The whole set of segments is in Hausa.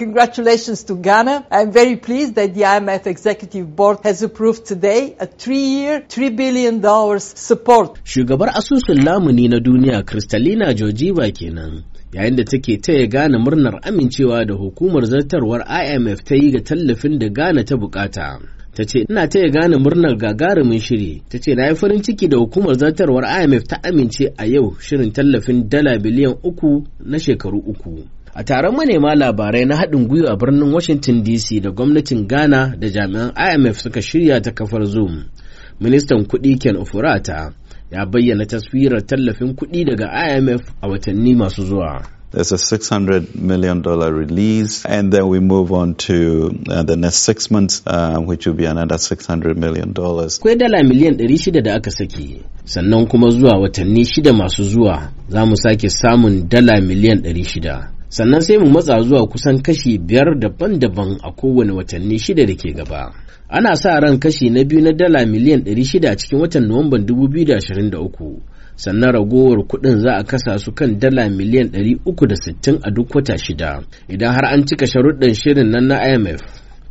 Congratulations to Ghana. I'm very pleased that the IMF Executive Board has approved today a three-year, $3 billion support. Shugabar asusun lamuni na duniya Kristalina Georgieva kenan. yayin da take taya gane murnar amincewa da hukumar zartarwar IMF ta yi ga tallafin da Ghana ta bukata. ta ce ina taya gane murnar gagarumin shiri ta ce na yi farin ciki da hukumar zartarwar imf ta amince a yau shirin tallafin dala biliyan uku na shekaru uku a taron manema labarai na haɗin gwiwa a birnin washington dc da gwamnatin ghana da jami'an imf suka shirya ta kafar zoom ministan kuɗi ken ofurata ya bayyana taswirar tallafin kuɗi daga imf a watanni masu zuwa There's a $600 million release, and then we move on to uh, the next six months, uh, which will be another $600 million. Akwai dala miliyan ɗari shida da aka saki, sannan kuma zuwa watanni shida masu zuwa za mu sake samun dala miliyan ɗari shida. sannan sai mu matsa zuwa kusan kashi biyar daban-daban a kowane watanni shida da ke gaba. Ana sa ran kashi na biyu na dala miliyan 600 a cikin watan Nuwamban 2023, sannan ragowar kuɗin za a kasa su kan dala miliyan ɗari uku da sittin a duk wata shida, idan har an cika sharuɗin shirin nan na IMF.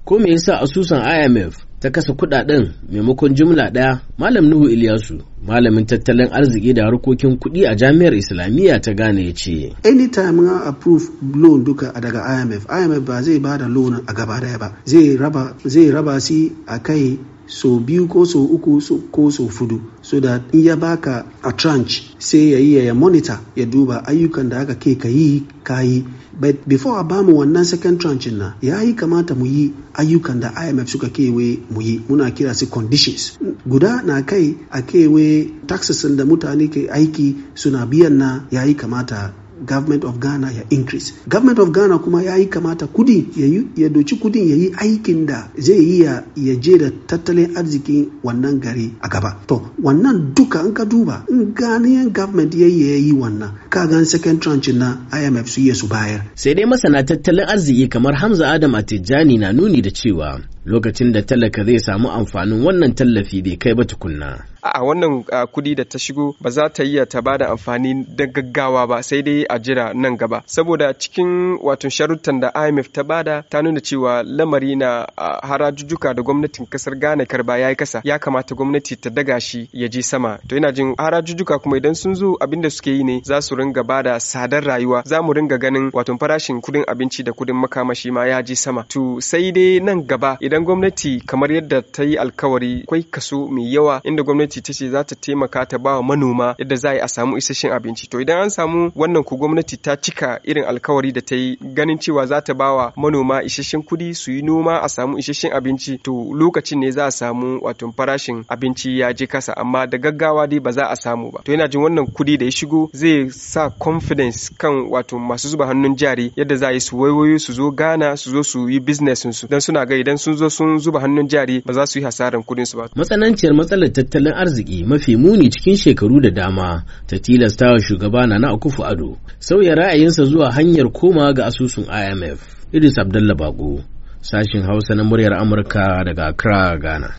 Ko me yasa asusun IMF ta kasa kuɗaɗen maimakon jumla ɗaya, Malam Nuhu Ilyasu malamin tattalin arziki da harkokin kuɗi a jami'ar islamiyya ta gane ya ce anytime na approve loan duka daga imf imf ba zai ba da loan a gaba daya ba zai raba zai raba si a kai so biyu ko so uku ko so fudu so da in ya baka a tranche sai ya yi ya monitor ya duba ayyukan da aka ke ka yi ka yi but before a mu wannan second tranche na ya yi kamata mu yi ayyukan da imf suka kewe mu yi muna kira su conditions guda na kai a kewe taxes da mutane ke aiki suna biyan na ya yi kamata government of ghana ya increase government of ghana kuma ya yi kamata kudi ya doci kudin ya yi aikin da zai yi ya je da tattalin arzikin wannan gari a gaba to wannan duka an ka duba in ghanaian government ya yi wannan ka gan second tranche na imf su su bayar sai dai masana tattalin arziki kamar hamza adam a tijjani na nuni da cewa lokacin da talaka zai samu amfanin wannan tallafi bai kai ba tukunna. a wannan ah, kudi da ta shigo ba za ta iya ta bada amfani da gaggawa ba sai dai a jira nan gaba saboda cikin wato sharuttan da imf ta bada ta nuna cewa lamari na ah, harajujuka da gwamnatin kasar ghana karba ya yi kasa ya kamata gwamnati ta daga shi ya je sama to ina jin harajujuka kuma idan sun zo abin da suke yi ne za su ringa bada sadar rayuwa za mu ringa ganin wato farashin kudin abinci da kudin makamashi ma ya ji sama to sai dai nan gaba idan idan gwamnati kamar yadda ta yi alkawari kwai kaso mai yawa inda gwamnati ta ce za ta taimaka ta ba wa manoma yadda za a samu isasshen abinci to idan an samu wannan ku gwamnati ta cika irin alkawari da ta yi ganin cewa za ta ba wa manoma isasshen kuɗi su yi noma a samu isasshen abinci to lokacin ne za a samu wato farashin abinci ya je kasa amma da gaggawa dai ba za a samu ba to yana jin wannan kuɗi da ya shigo zai sa confidence kan wato masu zuba hannun jari yadda za a yi su waiwayo su zo Ghana su zo su yi business su dan suna ga idan sun zo sun zuba hannun jari ba za su yi hasarar kudin su ba. Matsananciyar matsalar tattalin arziki mafi muni cikin shekaru da dama ta tilasta wa shugaba na akufu Ado sauya ra'ayinsa zuwa hanyar koma ga asusun IMF. Idris Abdallah Bago, sashin Hausa na muryar Amurka daga Accra, Ghana.